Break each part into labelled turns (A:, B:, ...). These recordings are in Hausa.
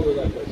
A: lugar.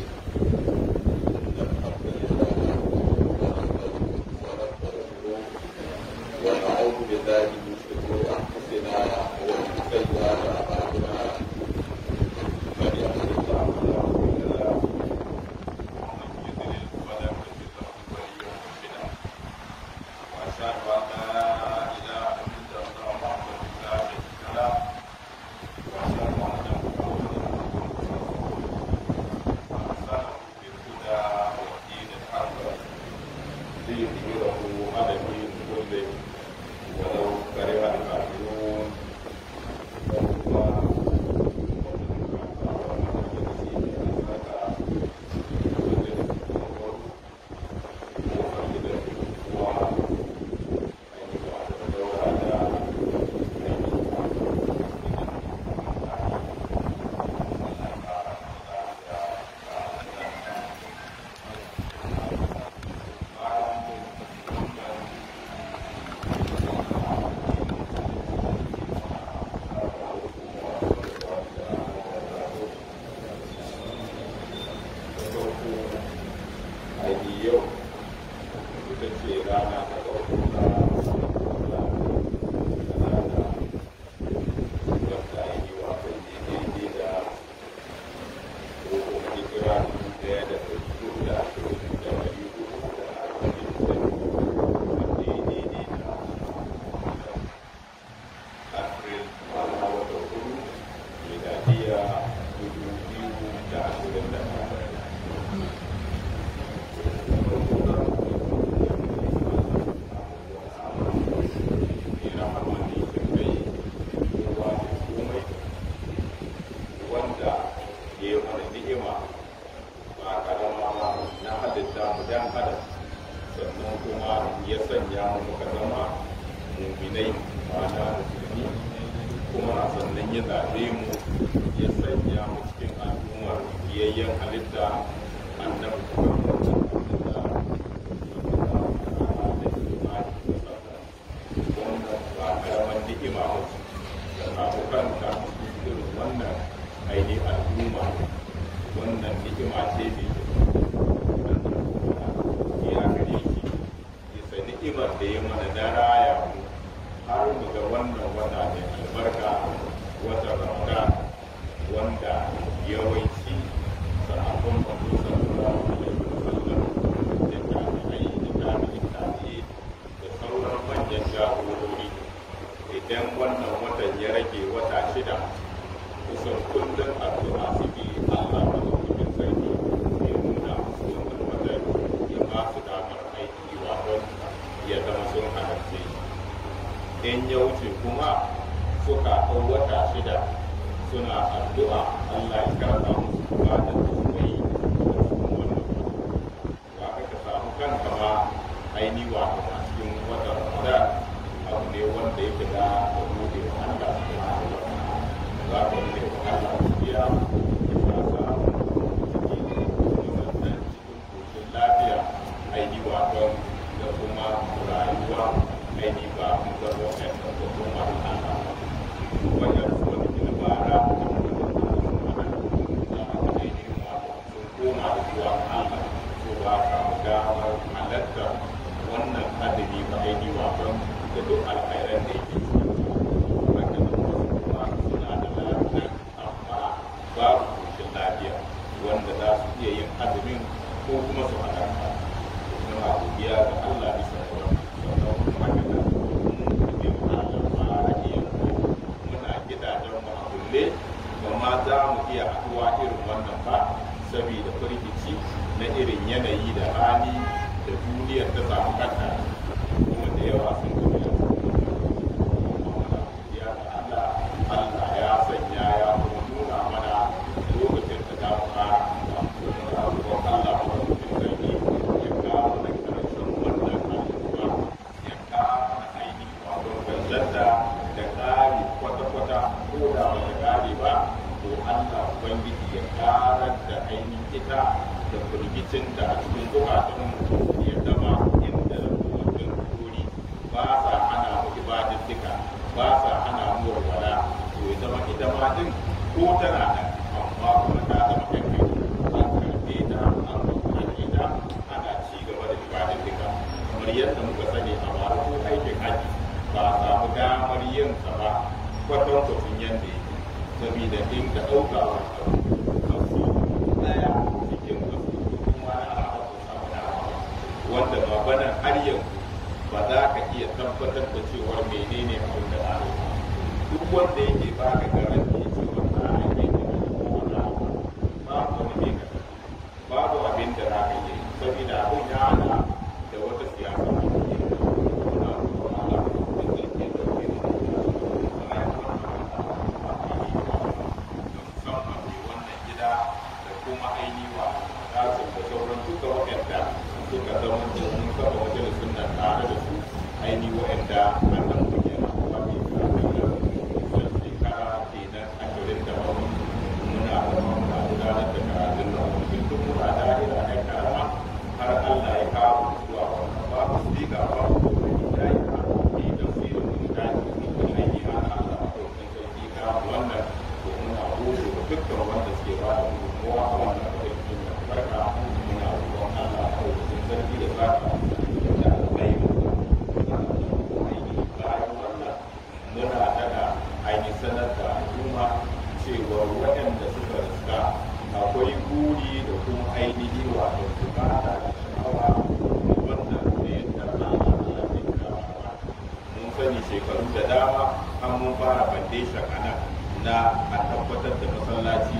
A: na a
B: tabbatar da masallaci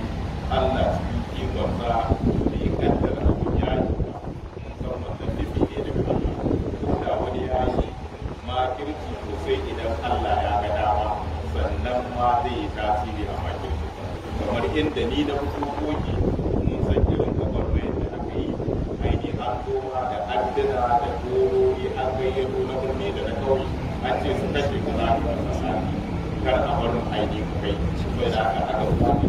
B: Allah cikin ikonsa da ya da abin ya yi musamman da nufi ne da kuma da wani ya yi ko sosai idan
A: Allah ya ga dama sannan ma zai yi tasiri a makirci kamar inda ni na koki mun san irin mai da aka yi ne an koma da addina da dorori an gayyato na birni da na kauye an ce su kashe kuma a kar a barin ainihin Thank you.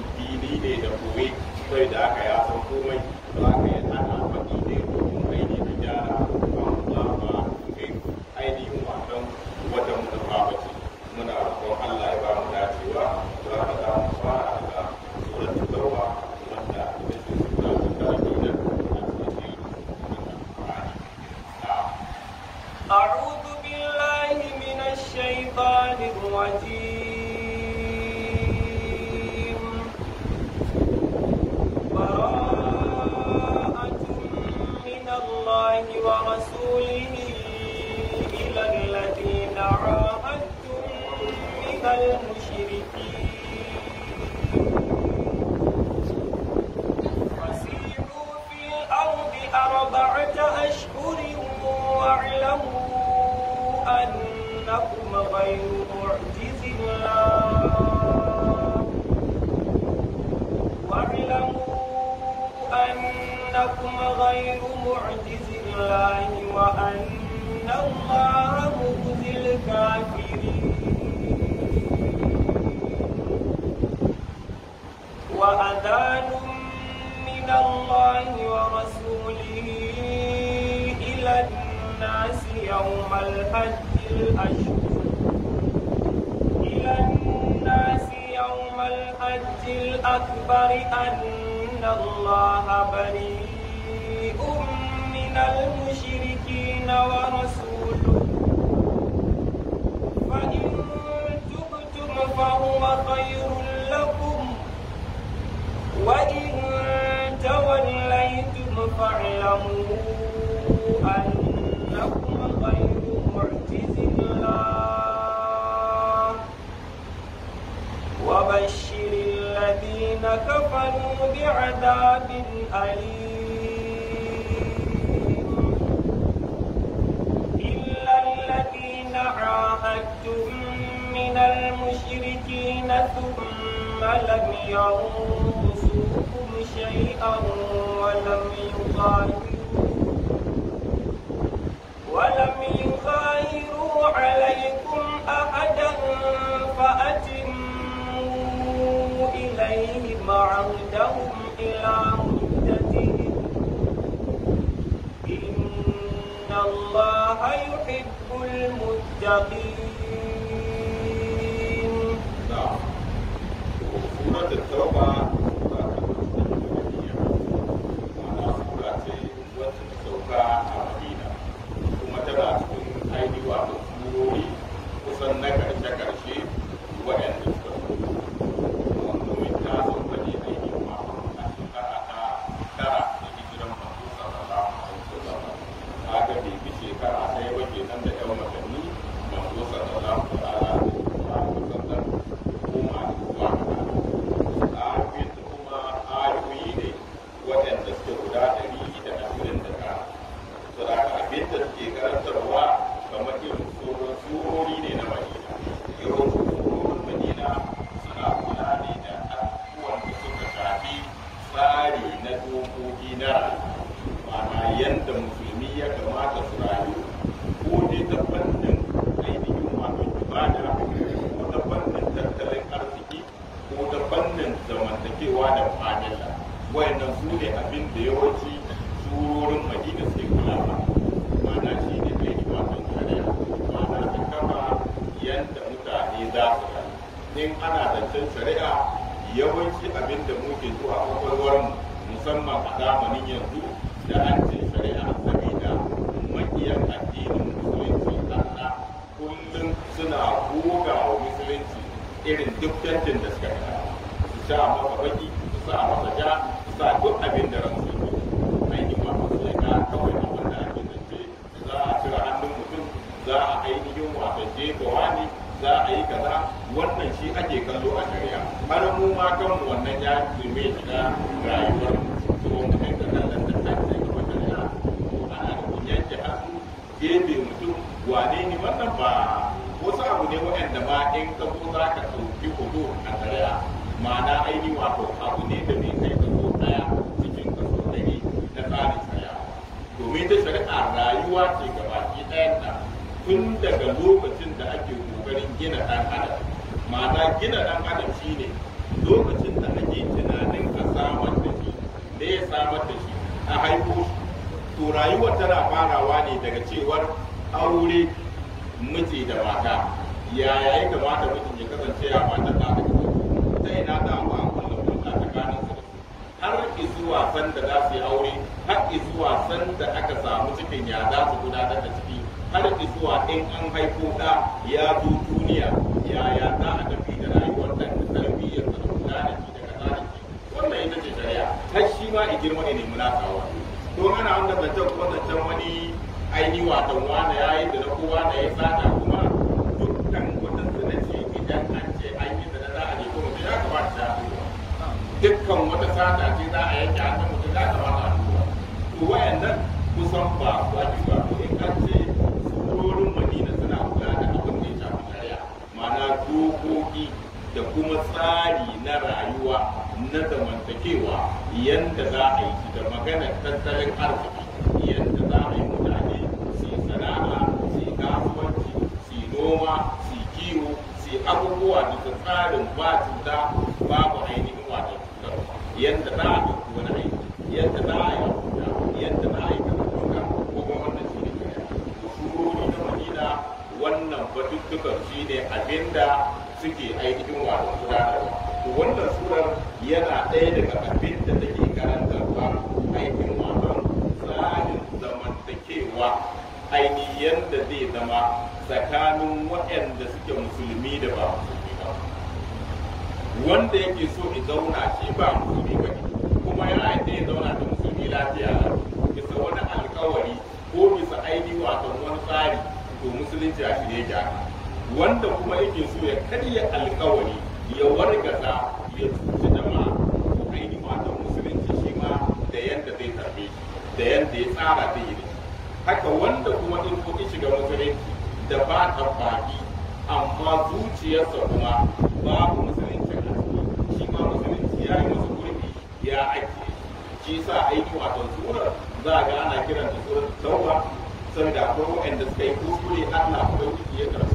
C: إن الله بريء من المشركين ورسوله
B: فإن تبتم فهو خير لكم وإن
C: توليتم فاعلموا أنكم غير معجز الله وبشر الذين كفروا بعذاب
B: أليم
C: إلا الذين عاهدتم من المشركين ثم لم ينقصوكم شيئا ولم يغادروا ولم يغادروا عليكم أحدا فأتموا إليه واضم عودهم إلى مدتهم إن الله يحب المتقين نعم.
A: gina ɗan adam ma'ana gina ɗan adam shine lokacin da ake tunanin a samar da shi da ya samar da shi a shi to rayuwar tana farawa ne daga cewar aure miji da mata yaya ya kamata mijin ya kasance a matar da aka ta ina ta abu an da hulɗa tsakanin su har zuwa san da za su yi aure har zuwa san da aka samu cikin ya za su gudanar da ciki har zuwa in an haifo ɗa ya zo tarbiyya yaya za a tafi da rayuwar dan tarbiyyar da kula da shi da kaza da shi wannan ita ce shari'a har shi ma a girma ne munakawa don ana wanda zancen kuma zancen wani aini da wane ya yi da na kowa na ya tsada kuma dukkan wata zina ce idan an ce an yi zina za a nemi mutum ya kamata ta dukkan wata sata ce za a yanke hannun mutum ya kamata a duba to wayannan kusan ba su ake tsari na rayuwa na zamantakewa yadda za a yi da magana tattalin arziki yadda za a yi mutane su yi sana'a su yi kasuwanci su yi noma su yi kiwo su yi abubuwa su tsarin ba cuta babu ainihin wata cutarwa yadda za a yi wani aiki yadda za a yi abuja yadda za a yi kasuwa ko kuma wannan shi ne kira shurori na madina wannan batuttukan shi ne abinda suke ainihin wata guda to wannan surar yana ɗaya daga abin da take karantarwa ainihin wannan tsarin zamantakewa ainihin da zai zama tsakanin waɗanda suke musulmi da ba musulmi ba wanda yake so ya zauna shi ba musulmi ba kuma yana yadda ya zauna da musulmi lafiya bisa wani alkawari ko bisa ainihin wata wani tsari to musulunci a shirye gyara wanda kuma yake so ya karya alkawari ya wargaza ya rubuta jama'a ko aini musulunci shi ma da yadda zai tarbe shi da yadda ya tsara zai yi haka wanda kuma in kuɗi shiga musulunci da ba ta baki amma zuciyarsa kuma babu musulunci a
B: shi ma musulunci ya yi masa gurbi ya ake shi sa aiki wato
A: surar za a ga ana kiran da surar tauba sanda ko wa'anda suka yi kuskure Allah ubangiji ya karɓa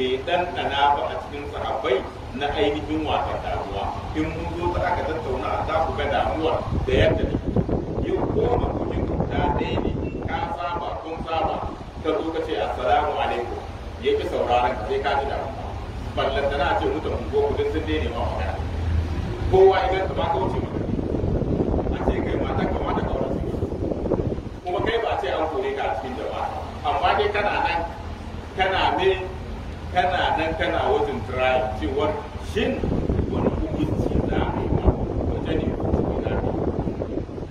A: bai ɗanɗana ba a cikin sahabbai na ainihin wata damuwa in mun zo ta aka tattauna za ku ga damuwar da yadda ne yi ko makokin ta ɗaya ne ka saba kun saba ka zo ka ce assalamu alaikum ya fi sauraron ka sai ka ji damuwa ballan na ce mutum ko kudin sun ne ma magana kowa idan ka ba ka wuce magana a ce kai mata ka kawar ka wuce kuma kai ba ce an kore ka a cikin jama'a amma dai kana nan kana ne kana nan kana wajen trial cewar shin wani hukunci za a yi ma wajen ne hukunci na a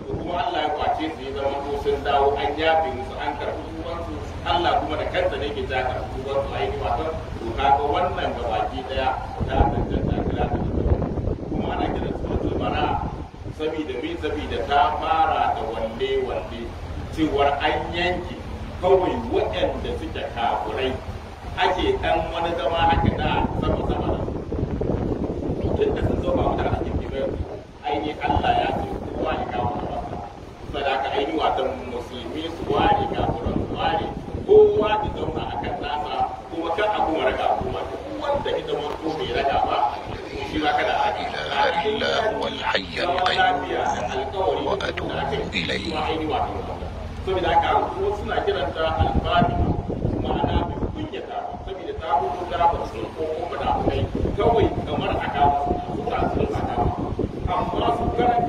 A: ko kuma Allah ya kwace su ya zama ko sun dawo an yafe musu an karɓi tubansu Allah kuma da kanta ne ke jaka karɓi tubansu a yi wato to kaga wannan ga baki daya ta tantance kira da kuma ana kira su mara saboda me saboda ta fara da walle walle cewar an yanke kawai waɗanda suke kafurai ake ɗan wani zama a da sama sama da su tun da sun zo ba mutane cikin kibir ainihin Allah ya ce kowa ya kawo na wasa saboda haka aini wata musulmi su ware kafuran su ware kowa da zauna a kan nasa kuma kan abu mara kuma duk wanda ita ma ko bai raga ba shi ba kada a ila da saboda haka suna kiranta al su ko kuma da kai kawai kamar a dawo su ta su ta amma su karanta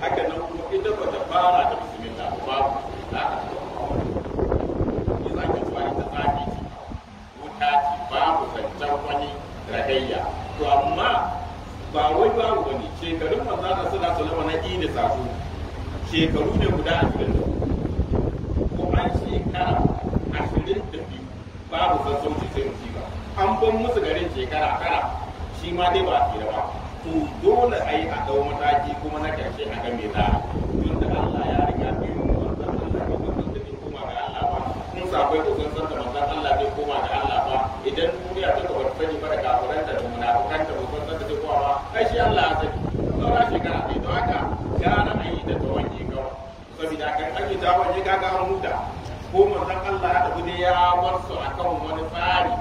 A: haka nan kuma ita ba ta fara da musulmi ta ba za ta ne za ka zuwa ita tsaki ce wuta ce babu zancen wani radayya to amma ba wai babu wani shekarun manzana suna salama na idi sasu shekaru ne guda a ashirin da an shekara ashirin da biyu babu sassauci sai musiba an ban musu garin shekara kara shi ma dai ba a tsira ba to dole a yi sati kuma na karshe a game da tun da Allah ya riga bi mu wannan Allah ne mutum da bai koma ga Allah ba sa sabai ko kun san da manzon Allah bai koma ga Allah ba idan duniya ta kawar sani ba da kafiran da munafikan da kun san da bai koma ba kai shi Allah ya sani saura shekara bai don haka gara a yi da tawanki ga saboda kan ake tawanki ga ga muta ko manzon Allah ya tafi ya bar akan wani tsari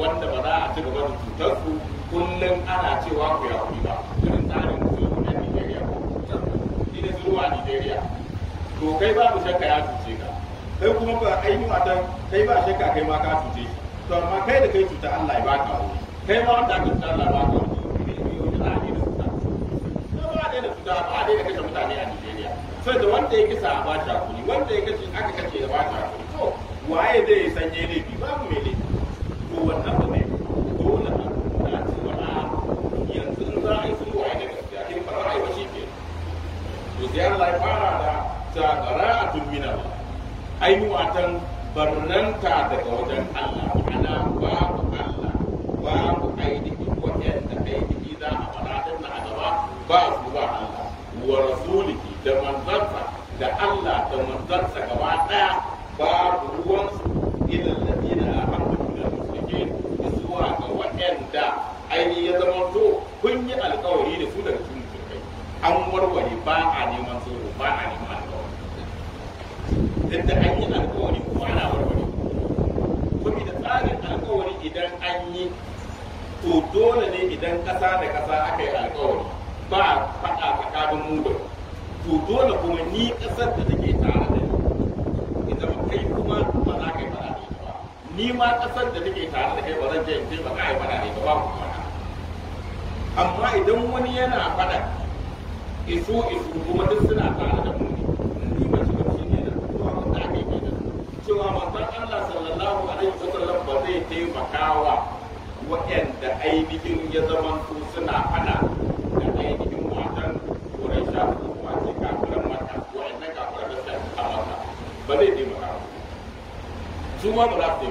A: wanda ba za a ci gaba da cutar su kullum ana ce to kai babu shakka ya cuce ka kai kuma ba ni matan kai ba shakka kai ma ka cuce shi to amma kai da kai cuta Allah ya baka wuri kai ma wanda ka cuta Allah ya baka wuri ba da cuta ba da kashe mutane a Nigeria sai da wanda ba ainihin watan barnanta daga wajen Allah
B: tun da an yi alkawari kuma ana warware saboda tsarin
A: alkawari idan an yi to dole ne idan kasa da ƙasa aka yi alkawari ba faɗa tsakanin mu da to dole kuma ni ƙasar da take tare da ni idan kai kuma ba za ka yi faɗa da ita ba ni ma ƙasar da take tare da kai ba zan je in taimaka ka yi faɗa da ita ba ku faɗa amma idan wani yana faɗa isu isu kuma duk suna ko ken da ay bi ci ñu jëmon ku sunna ana da ay bi ci mo tan ko re sa ko
B: ma ci ka ko ma ta ko ay
A: na ka ko da ta ba le di ma su mo ko la ti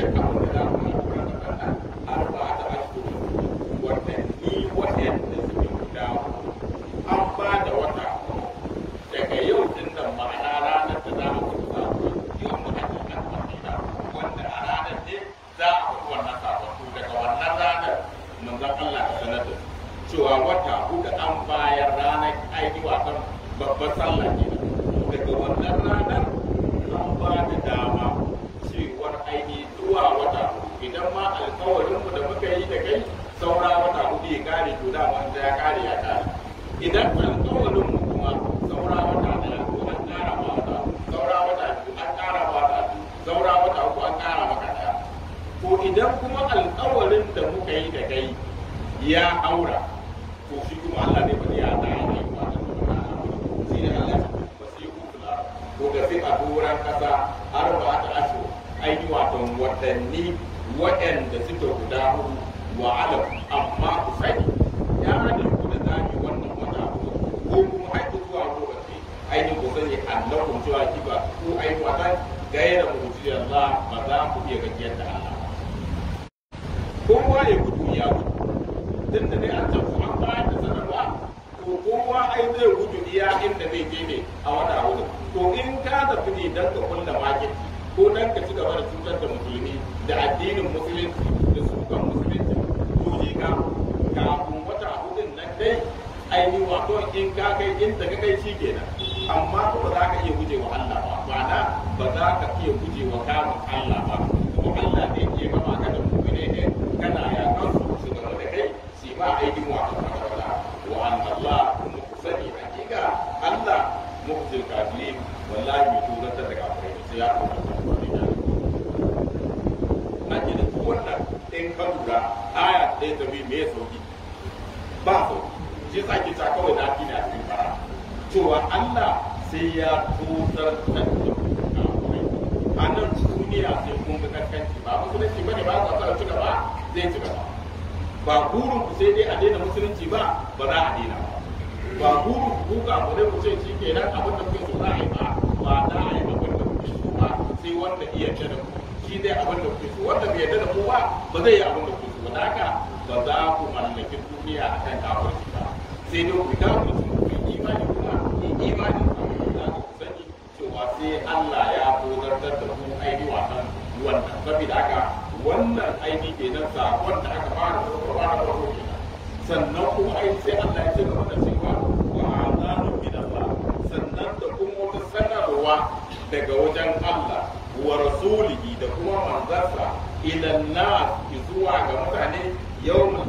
A: Thank you. idan kuma alƙawarin da muka yi da kai ya aura to shi kuma Allah ne bane ya ta yi wa shi ne Allah ba sai ku kula ko ga sai a dora kasa ba ta aso ai wato watanni waɗanda suke guda hudu wa alam amma ku sani ya hada ku da zaki wannan wata hudu ko kuma ku zuwa lokaci ai ku sani Allah zuwa ki kiba ko ai wata gaira mu'jizar Allah ba za ku iya gajiyar da Allah dan ka kulla makin ko dan ka ci gaba da cutar da musulmi da addinin musulunci da sukan musulunci to je ka kafin wata hudun nan dai ainihin wato in ka kai da ka kai shi kenan amma ba za ka iya guje Allah ba ma'ana ba za ka iya guje wa Allah ba kuma Allah ne ke gaba ka da mu'mine ne kana ya kan su gaba da kai shi ba ba su shi sa ake cewa kawai na fi na fi fara cewa Allah sai ya tutar da a nan duniya sai kun ga kankanci ba musulunci bane ba za a cika ba zai ci gaba ba burin ku sai dai a daina musulunci ba ba za a daina ba ba burin ku ga ku dai ku ce shi nan abin da kuke so za a yi ba ba za a yi abin da kuke so ba sai wanda iya ce da ku shi dai abin da kuke so wanda bai yarda da ku ba ba zai yi abin da kuke so ba haka ba za ku mallaki tafiya a kan kafirci ba sai dai ku da mutum ku yi imani kuma ku yi imani kuma za ku sani cewa sai Allah ya dozartar da ku aini wasan wannan saboda haka wannan aini ke nan sa wanda aka fara saukarwa da farko kenan sannan kuma ai sai Allah ya ce da wannan cewa wa azanu min Allah sannan da kuma wata
B: sanarwa
A: daga wajen Allah wa rasulihi da kuma manzarsa ilan nas zuwa ga mutane yawmul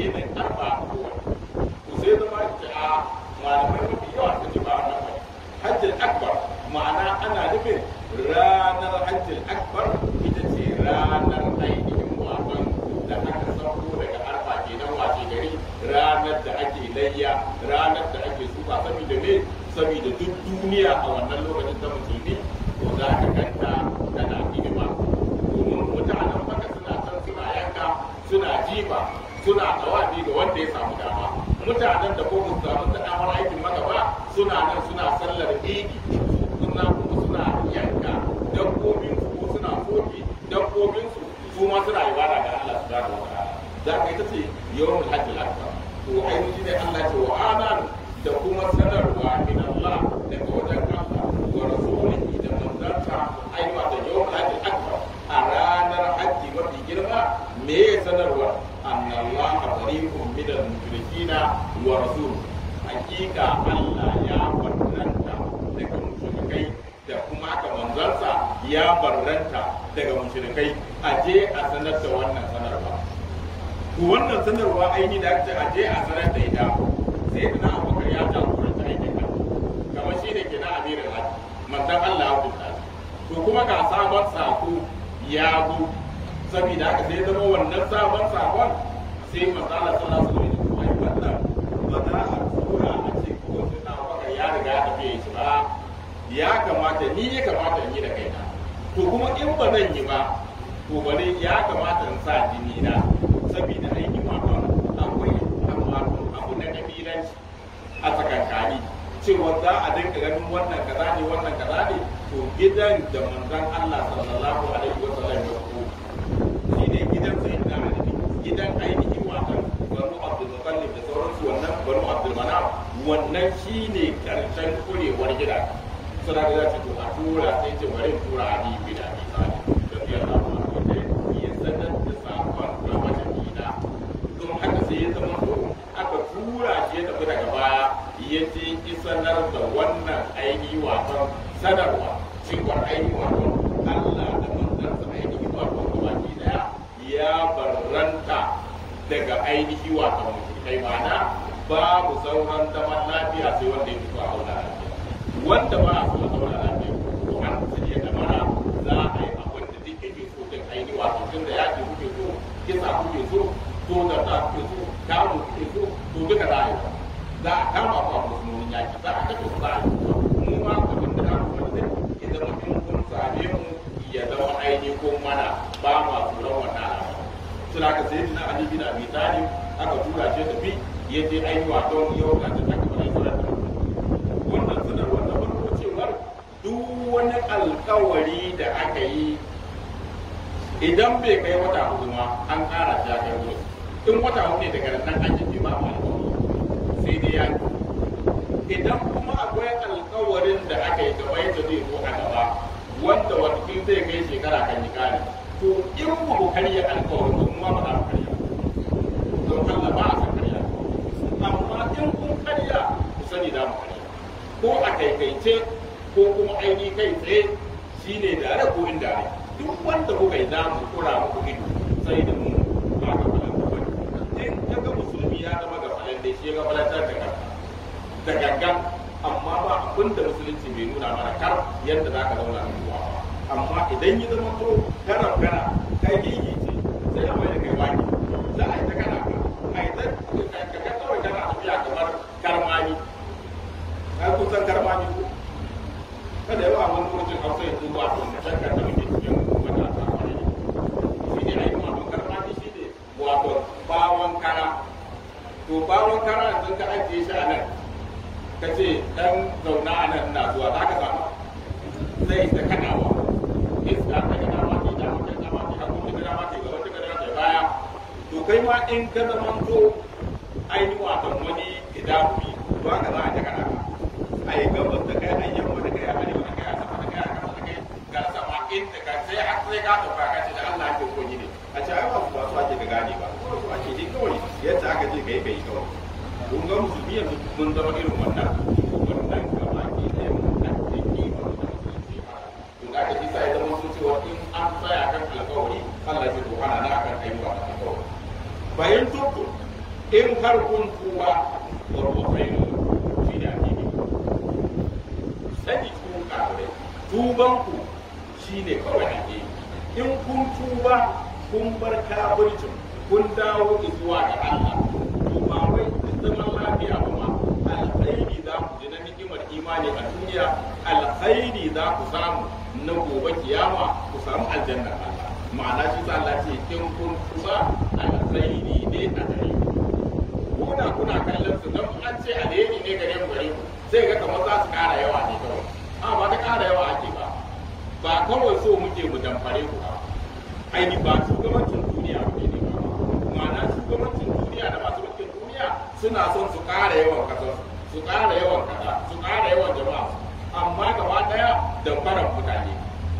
A: fiye da arba ko to sai zama a malamai mafi yawa ta ji ba a ba hajjal akbar ma'ana ana nufin ranar hajjal akbar ita ce ranar ainihin wasan da aka sauko daga arba kenan wace gari ranar da ake layya ranar da ake suka saboda me saboda duk duniya a wannan lokacin ta musulmi to za ka mutanen da kuma samu da damar aikin maka ba suna nan suna sallar iki suna kuma suna yanka dabbobin su ko suna soki dabbobin su su ma suna yi bada ga Allah subhanahu wa ta'ala za ka ta ce yawan hajji akbar to ainihi ne Allah ce wa anan da kuma sanarwa ne wa rasul hakika Allah ya barranta daga mushrikai da kuma ka manzansa ya barranta daga mushrikai a je a sanar da wannan sanarwa Ku wannan sanarwa aini da ake a je a sanar da ita sai da na abubakar ya ta aikin nan kamar shi ne ke na amirin hajji manzan Allah ya kunta ko kuma ga sabon sako ya zo sabida haka sai zama wannan sabon sakon sai manzan Allah sallallahu ya kamata ni ya kamata in yi da kaina to kuma in ba zan yi ba to bare ya kamata in sa jini na saboda aiki makon akwai amfani abu na kabilanci a tsakankani cewa za a dinka ganin wannan kaza ne wannan kaza ne to gidan da manzon Allah sallallahu alaihi wa sallam ya ko shi ne gidan sai da gidan ainihin wata wannan Abdul Muttalib da sauransu wannan banu Abdul Manaf wannan shine karshen kurewar gidan suna da zaci to a tura sai ce bari tura a ni bi da bi tsari da biyar ba ko sai ya sanar
B: da sakon da mata gida don haka sai ya zama to aka tura
A: shi da daga baya ya je ki sanar da wannan aini wato sanarwa cikon aini wato Allah da manzansa aini wato kuma ki daya ya barranta daga ainihi wato mutum kai mana babu sauran zaman lafiya sai wanda ya fito a wani wanda ba a kuma zauna lafiya to an shirya da mara za a yi abin da duk yake so din aini wato tun da yaƙi kuke so kisa kuke so to da ta kuke so kamu kuke so to duka za a yi za a kama ku a musulmin yaƙi za a kashe ku za a yi mu ma abin da za mu wani ya zama in kun same mu ya zama aini ko mana ba ma tsoron wannan al'amari. Sura ka sayi na Ali bin Abi Talib aka tura shi tafi ya je wa wato yau ga ta wani alkawari da aka yi idan bai kai wata hudu ma an kara ta a wurin in wata hudu ne daga nan an yi ma alkawari sai dai ya idan kuma akwai alkawarin da aka yi gaba yadda zai zo a gaba wanda wakil zai kai shekara kan yi kare to in ba ku karya alkawarin kuma ba za ku karya don Allah ba a san karya amma in kun karya ku sani za mu karya ko a kaikaice ko kuma aini kai tsaye shine da ko inda duk wanda kuka yi za mu kura muku ido sai da mu ba ka falan ku bane in ga musulmi ya zama ga falan da shi ga falan ta daga da gangan amma ba abin da musulunci bai nuna mana kar yadda za ka zauna a ruwa amma idan yi zama ko kana kana kai gigi ce sai a mai da kai waki za a yi ta kana ka a yi ta ka kawai kana tafiya kamar karmani ka kusan karmani ko kada yawa wani kurjin hausa ya duba a wanda shakka da muke cikin matasa a wani shi ne aikin abin karfafi shi ne wato bawon kara to bawon kara yanzu ka ajiye shi a nan ka ce dan zauna a nan na zuwa za ka samu Sai ta kanawa iska ta gina ma ke dama ta gina ma ke hakun ta gina ma ke gaba ta gina ta baya to kai ma in ka zamanto ainihin wato wani idafi ba ka za a ta kana a yi gabas da kai an sai ka sai har sai ka dauka ka ce da Allah ake ko ne a ce ai ba su ba su ake gane ba su ake dai kawai yadda aka ce kai kai kawai kun ga musulmi yanzu mun zama irin wannan wannan gaba ki ne wannan da ki ba kun ga kaji sai zama sun cewa in an tsaya kan alƙawari Allah ya ce ana na akan ayyuka da alƙawari bayan tukku in har kun kuwa ko bayan shi ne a ko kun kare tuban ne kawai daidai in kun tuba kun bar kafircin kun dawo zuwa ga Allah to ba wai zaman lafiya ba ma alkhairi za ku ji na ni'imar imani a duniya alkhairi za ku samu na gobe kiyama ku samu aljanna Allah ma'ana shi sa Allah ce in kun tuba alkhairi ne a gare ku kuna kuna kallon su dan an ce alheri ne gare mu gare ku sai ga kamar za su kara yawa ne kawai amma ta kara yawa ake ba kawai so muke mu damfare ku ba ai ba shugabancin duniya ba ne ba ma'ana shugabancin duniya da masu mulkin duniya suna son su ƙara yawan kasar su ƙara yawan kaza su ƙara yawan jama'a amma gaba daya damfarar mutane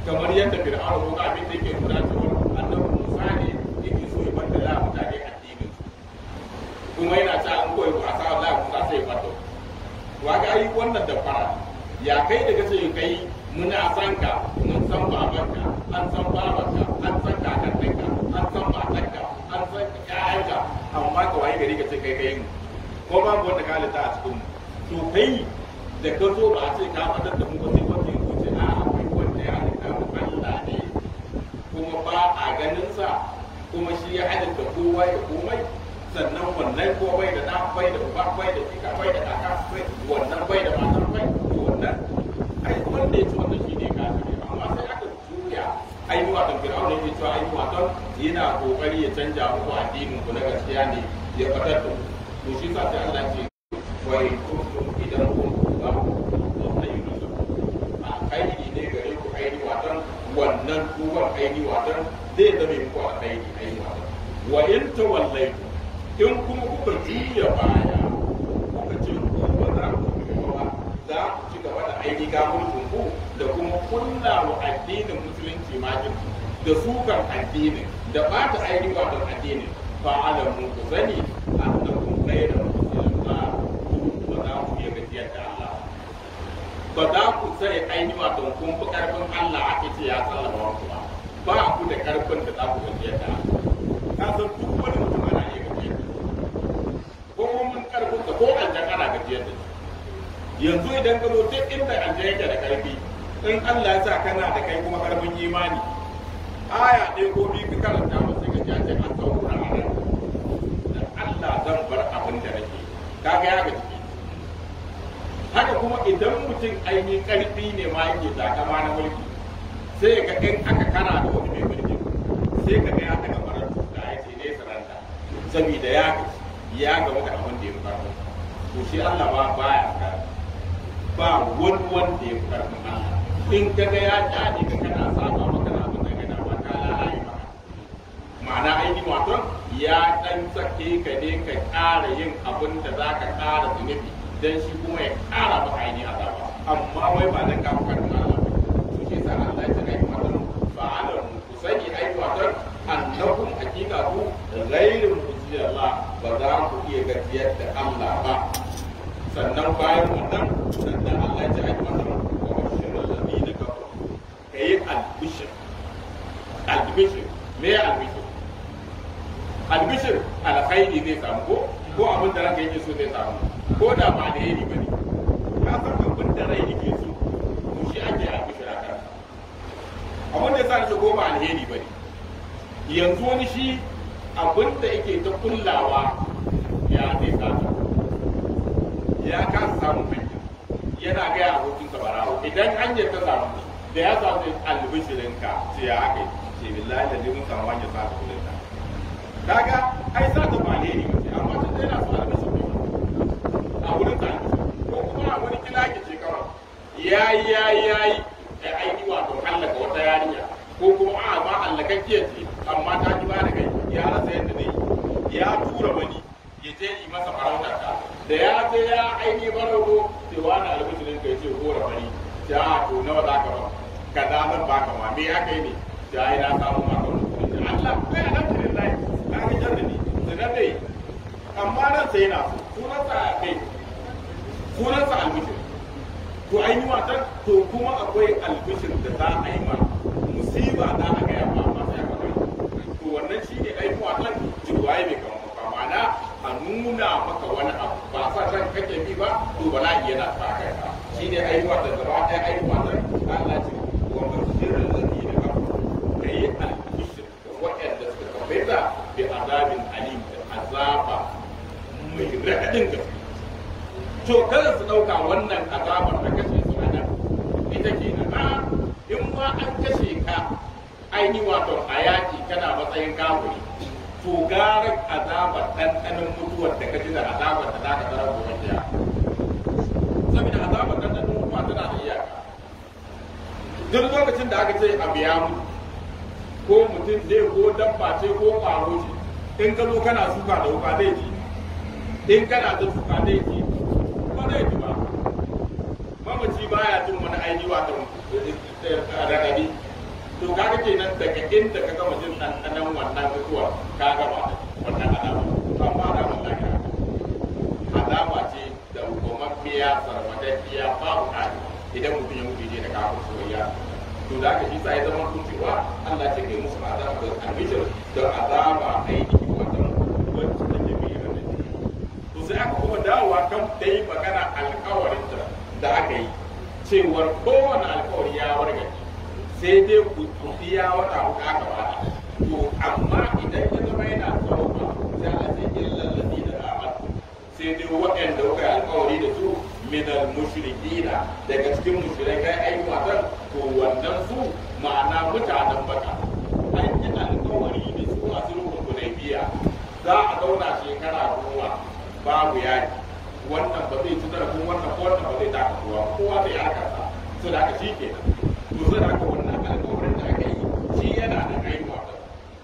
A: kamar yadda fir'aun ko abin da yake nuna cewa annabi Musa ne yake so ya banta ya mutane addinin kuma yana ta an koyi ba sa Allah Musa sai fato wa ga yi wannan damfara ya kai da kace kai muna san ka san babanka an san babanka an san kakanninka an san matanka an san ƴaƴanka amma ka waye gari ka ce kai kai mu ko ba mu wanda ka halitta a cikin mu to kai da ka zo ba a ce ka matar da mu ba sai wanda ya wuce a akwai wanda ya halitta mu Allah ne kuma ba a ganin sa kuma shi ya da kowa ya komai sannan wannan ko bai da ɗan bai da ba bai da kika bai da kaka wannan bai da mata yake cewa ai wato yana kokari ya canja muku addinin ku na gaskiya ne ya fatar da to shi sa sai Allah ce wa in kuntum idan sai zamu ayyudu a kai ne gare ku ni wato wannan duban ni wato zai zame ku a kai ai wato wa in ta tawallaitu in kuma kuka juya baya kuka ce ba za ku ba za ku ci gaba da aiki kafin ku da kuma kullawa addinin musulunci ma kirki da sukar addinin da ba bata ainihin wato addini fa alamu ku sani a kun annakum ghayra muslima ba za ku iya gajiya da Allah ba za ku sai ainihin wato kun fi karfin Allah a ce ya sallama wa ba ba ku da karfin da za ku gajiya da ka san duk wani mutum ana iya gajiya ko mun karfin ka ko aljanna ana gajiya da yanzu idan ka zo duk inda aljanna yake da karfi in Allah ya sa kana da kai kuma karfin imani aya ɗaya ko biyu ka karanta ba sai ka jace an taura a nan da Allah zan bar abin da nake kaga ya ga ciki haka kuma idan mutum ainihin ƙarfi ne ma yake takama na mulki sai ya ga aka kana da wani mai mulki sai ka ga ya daga marar da ya ce ne saranta saboda ya ya ga da abin da ya farko to shi Allah ba baya ka ba wani wanda ya farko Allah in ka ga ya ƙyale ka kana saba ma'ana aiki wato ya dan sake ka ne ka ƙara yin abin da za ka ƙara zunubi don shi kuma ya ƙara maka aini azaba amma wai ba dan ka fuka ba su ke sa Allah ya tsaya mata ba mu ku sani aiki wato annakum hakika ku ghairu Allah ba za ku iya gajiyar da Allah ba sannan bayan wannan sannan Allah ya tsaya mata wa bashirul ladina kafaru kayi albishir albishin me albishin. albishir alkhairi zai samu ko ko abin da ranka yake so zai samu ko da ba da yayi bane ka san abin da rai yake so to shi ake albishir akan abin da yasa ni ko ba alheri bane yanzu wani shi abin da yake ta kullawa ya zai samu ya kasa samu fahimta yana gaya ka barawo idan hanyar ta samu da ya samu albishirinka sai ya haka ce billahi da mun samu hanyar samu kaga ai sa ta bane ne mace amma ta da yana so a masa a wurin ta ko kuma a wani kilaki ce kawai yayi yayi yayi da aiki wato hallaka wata yarinya ko kuma a ma hallakakkiyar ce amma ta ki ba da kai ya rasa yadda ne ya tura wani ya je yi masa farautar ta da ya je ya aini barago sai wani albijirin kai ce gora bari ta to nawa za ka ba kaza ba ka ma me aka yi ne ta yi na samu maka wani Allah nan dai amma nan sai na sunansa a kai sunansa albishir to an yi watan to kuma akwai albishir da za a yi ma musiba za a gaya ma masu yaba kai to wannan shi ne ainihin watan jirwaye mai kama maka ma'ana a nuna maka wani abu ba sa ran kake bi ba to bala'i yana sa kai ba shi ne ainihin watan gaba ɗaya ainihin to kada su ɗauka wannan azabar da kashe su a nan ita ke na in ma an kashe ka aini wato a yaƙi kana matsayin kafiri to gara azabar ɗanɗanin mutuwar da kaji da azabar da za ka tara gobe kiya saboda azabar ɗanɗanin mutuwa tana da iyaka duk lokacin da aka ce abu ya mutu ko mutum zai ko dabba ce ko ƙwaro ce in ka zo kana suka da wuka zai ji in kana da suka zai ji baya jin wani aini wato eh, eh, raɗaɗi to ka kake nan daga inda ka gama jin ɗanɗanon wannan mutuwar ka gama wannan alama to amma alamun lafiya alama ce da gwamammiya ba babu ƙari idan mutum ya mutu ne da kafin soyayya to da aka isa ya zama kun cewa Allah ce kai musu azaba da albishir da azaba aiki wata wacce ta ke mai ranar to sai aka kuma dawowa kan dai magana alkawarin da aka yi cewar kowane alkawari ya warga sai dai ku tafi ya wata ku aka bada to amma idan ya zama yana tsawo za a ce illan da ramar sai dai waɗanda kuka alkawari da su minal mushrikina daga cikin mushrikai ai watan to wannan su ma'ana mutanen baka an yi
B: alkawari da su a
A: sulhun biya za a zauna shekara goma babu yaki kowa bai haka ba so da aka shi ke to so da wannan alƙawarin da aka yi shi yana da aiwa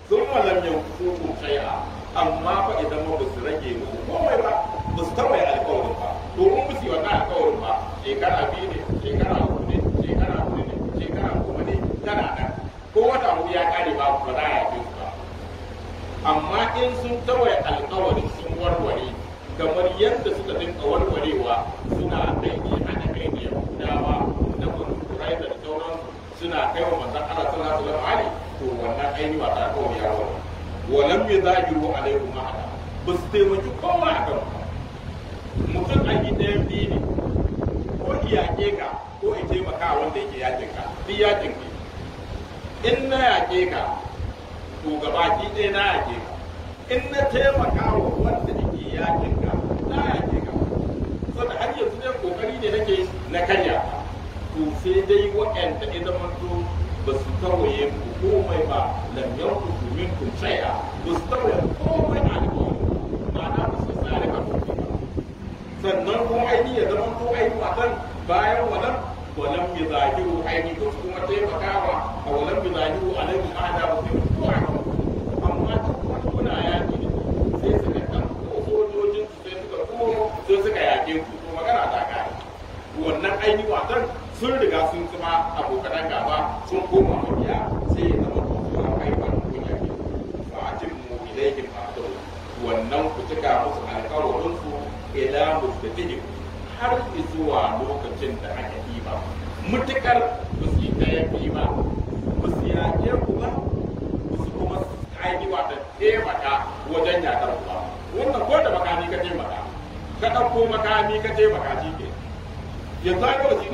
A: sun malam yau su ku shay'a amma fa idan ma ba su rage musu komai ba ba su tawaye alƙawarin ba domin ba su yi wannan alƙawarin ba shekara biyu ne shekara uku ne shekara huɗu ne shekara goma ne tana nan ko wata mu ya kare ba ba za a yi ba amma in sun tawaye alƙawarin sun warware kamar yadda suka dinka warwarewa suna kai wa manzon Allah sallallahu alaihi wasallam ali to wannan aini ba ta kawo ya yi walam yuzahiru ma ahada ba su taimaki kowa a kan mutum a yi ɗayan biyu ne ko yaƙe ka ko in taimaka wanda yake yaƙin ka duk yaƙin ka in na yaƙe ka to gaba ki ɗaya na yaƙe ka in na taimaka wa wanda yake yaƙin ka na yaƙe ka saboda har yanzu dai kokari ne nake na karya to sai dai waɗanda ya zama ba su tawaye komai ba lam yanku min kun tsaya ba su tawaye komai na alƙawari ma'ana ba su tsare ka sannan kuma aini ya zama to aini matan bayan wannan walam bi zahiru aini ba su kuma taimakawa a walam bi zahiru alaihi ahada ba su kuma amma kuma kuna yaƙi sai suka ko sojojin su sai suka ko sai suka yaƙe ku to magana ta kare wannan aini matan sun riga sun zama abokan gaba sun koma mabiya sai ya zama kuma kai ya kunya ne a cin mu yake aqdaw wannan ku cika musu alƙawarin su ila mustatihim har zuwa lokacin da aka yi ba mutukar ba su yi ɗaya biyu ba ba su yaƙe ku ba ba su kuma ainihi wata taimaka wajen yaƙar ku ba wannan ko da makami ka taimaka ka ɗauko makami ka taimaka shi ke yanzu ai lokaci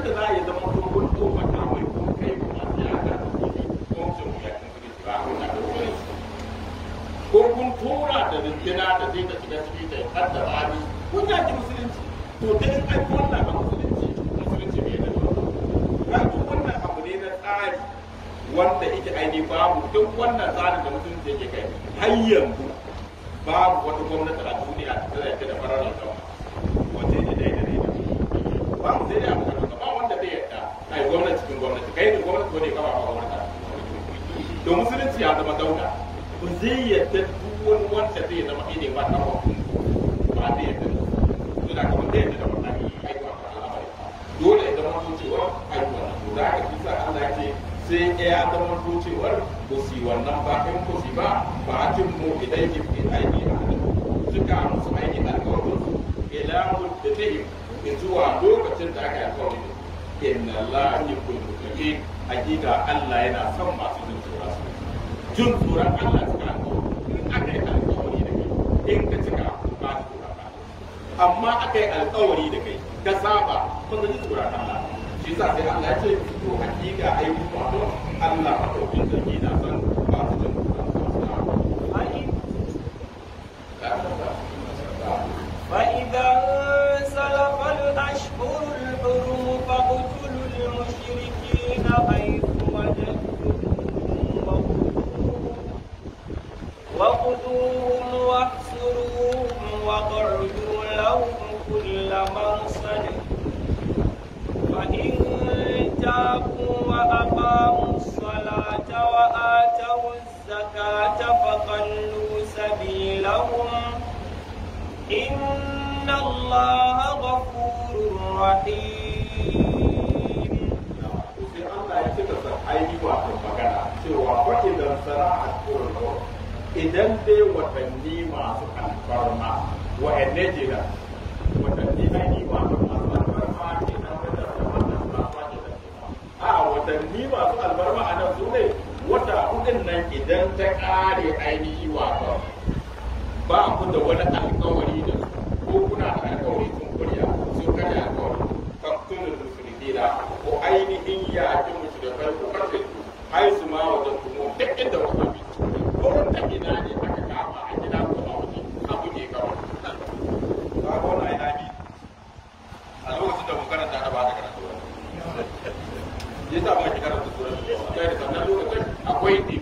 A: da rindina da zai ta shiga ciki ta har da bani kun yaki
B: musulunci to dai in an wannan ga musulunci musulunci bai da
A: wannan wannan abu ne na tsari wanda yake aini babu duk wannan tsarin da musulunci yake kai har yanzu babu wata gwamnati a duniya da zai ta da farar da
B: wace ne dai da dai babu sai da abu ba wanda zai yarda ai gwamnati
A: cikin gwamnati kai da gwamnati ko ne kama ba gwamnati to musulunci ya zama dauda ba zai yarda wani wanda zai zama ne ba ba su da zai ta al'amari dole ya zama na da aka Allah ce sai ya zama cewar ko si wannan ba in ko si ba ba a cin mu idan fi aiki a suka musu aiki zuwa lokacin da aka yi alkawarin inna Allah hakika Allah yana son masu jin tsoron Allah amma akai alƙawari da kai ka saba kun ji tsura ta Allah shi yasa sai Allah ya ce to hakika ai ku ba to Allah ba ka kin sarki na san ba ku da
C: فإذا انسلخ الأشهر الحرم فاقتلوا المشركين حيث وجدتموهم وقتلوهم واحصروهم واقعدوا ولهم كل مرصد فإن تابوا وأقاموا الصلاة وآتوا الزكاة فخلوا سبيلهم
B: إن
C: الله غفور رحيم
A: idan dai waɗanni masu alfarma wa'anne jira nan idan ta ƙare ainihi wato ba ku da wani alƙawari da ko kuna da alƙawari kun kurya sun alƙawari faktun da ko ainihin ya da farko karfe ma wajen kuma duk inda wata bi ko ta ina ne aka kama a gida ko a abu ne ga wani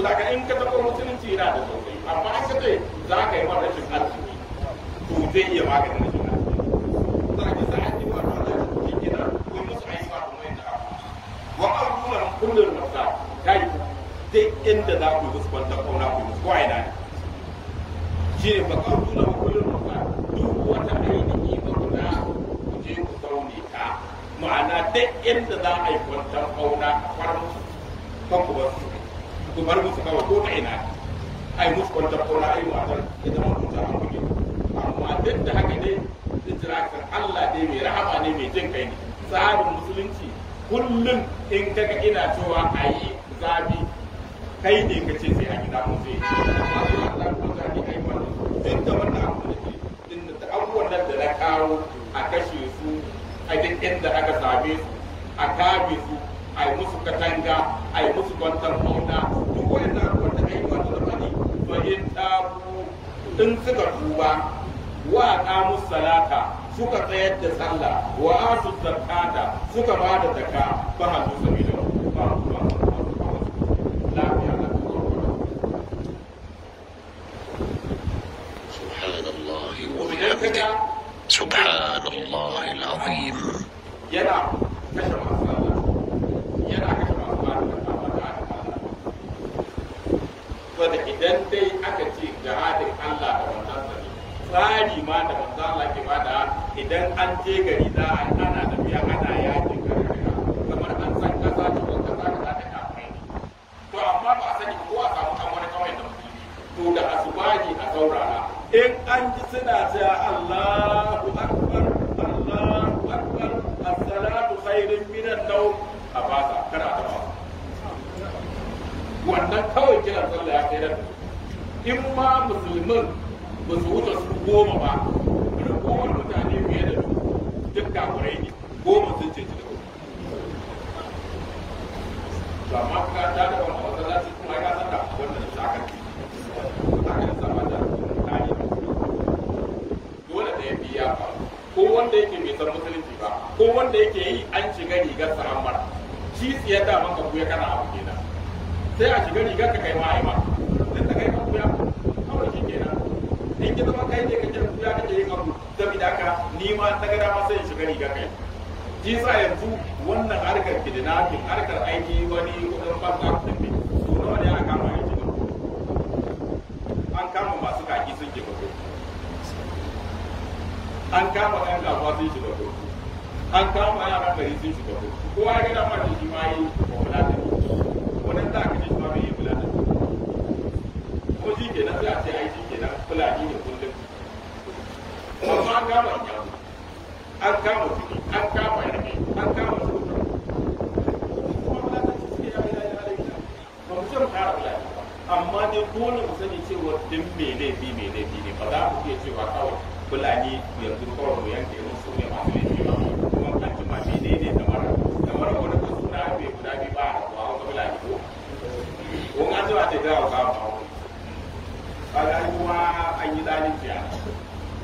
A: to daga in ka taɓa musulunci yana da sauƙi amma an ka ce za ka yi mara rashin arziki to zai iya maganin rashin arziki za ka sa ake wa ruwan da ke gina ko musu a yi wa ruwan da
B: aka wa an ruwan
A: kullum masa ta yi duk inda za ku yi musu kwanta kwauna ku yi musu kwa ne shi ne ba ka ruwan kullum masa duk
B: wata ainihi ba ku na ku je ku zaune ta
A: ma'ana duk inda za a yi kwantar kwauna a farmasu kan ku ba su ku bar musu kawai ko ta ina ai musu kwanta ko na ai mu'adar ya zama mutum an buge amma duk da haka ne istirakar Allah ne mai rahama ne mai jin kai ne tsarin musulunci kullum in kaga ina cewa ayi zabi kai ne ka ce sai a gida mu sai amma ko Allah ko zabi ai wannan duk da wannan abu da ke din da abubuwan nan da na kawo a kashe su a duk inda aka same su a kabe su a musu katanga a musu kwantar mauna in ɗaru in suka tuba wa qamu salata suka tsayar da sallah wa su zakata suka ba da ba su zakka fa hadu sabila سبحان الله العظيم ينعم tsari ma da manzo Allah ke bada idan an je gari za a ana tafiya ana yaƙi kamar an san kaza ta ko kaza ta ta kafin to amma ba a sani ko a samu kan wani kawai da musulmi to da asubaji a saurara in an ji suna ta Allahu akbar Allahu akbar as-salatu khairun minan nawm a fasa kana ta ba wannan kawai kiran sallah ya kai da in ma musulmin ba su wuce su goma ba irin goma mutane fiye da duk kafirai ne goma sun ce cikin to amma ka ta da wani wata za su kuma ya sanda wannan sakar kan sama da tani dole da ya fi ya fa ko wanda yake mai san musulunci ba ko wanda yake yi an shiga rigar sa an mara shi tsiya da maka buya kana abu kenan sai a shiga rigar ka kai ma in ki zama kai ne kake guda kake yin abu saboda haka ni ma ta ga ma sai in shiga riga kai ji sa yanzu wannan harkar kidnapping harkar aiki wani kudin banka kudin ne to nawa ne aka kama yanzu an kama masu kaki sun ke bako an kama ɗan kasuwa sun shiga bako an kama yara gari sun shiga bako kowa ya ga dama da shi ma yi wa wani za ka ji shi ma mai yi bulatin ko ji ke na sai a ce ai fulani ne kullum amma an kama an kama an kama an kama soja kuma amma dai dole mu sani cewa duk mai laifi mai laifi ne ba za mu iya cewa kawai fulani yanzu kawai mu yanke musu ne masu laifi ba kuma kan jima menene kamar kamar wani suna bai guda biyu ba a hausa fulani ko ko an zuwa ce gawa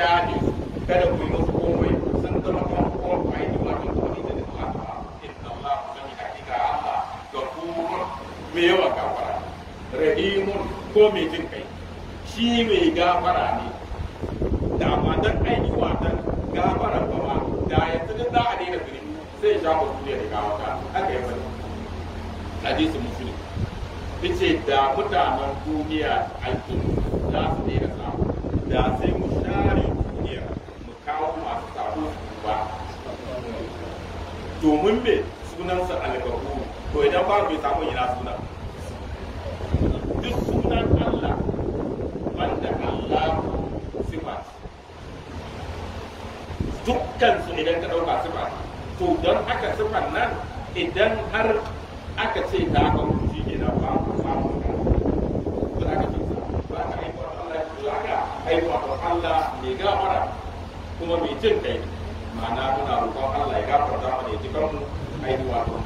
A: daɗi kada ku yi musu komai sun zama kan kuma ku aiki wajen kuɗi da duk haka inna Allah ku sani hakika Allah ga kuma me yawa gafara rahimun ko me jin kai shi me gafara ne da ba dan aiki watan gafara ba ma da yanzu duk za a daina zulmi sai ya shafa duniya da gawata haka ya bari hadisin muslim yace da mutanen duniya al'umma domin me sunansa algafu to idan ba bai samu yana suna duk sunan Allah wanda Allah sifa dukkan su idan ka dauka sifa to don aka sifan nan idan har aka ce ta aka rubuci ke nan ba ku samu ka ba za ka ce ba ka aiko Allah ya kula ka aiko Allah ne gafara kuma mai jin kai మన నాకు కోపం లేక ప్రధాన ఎదుకం ఐదు వారు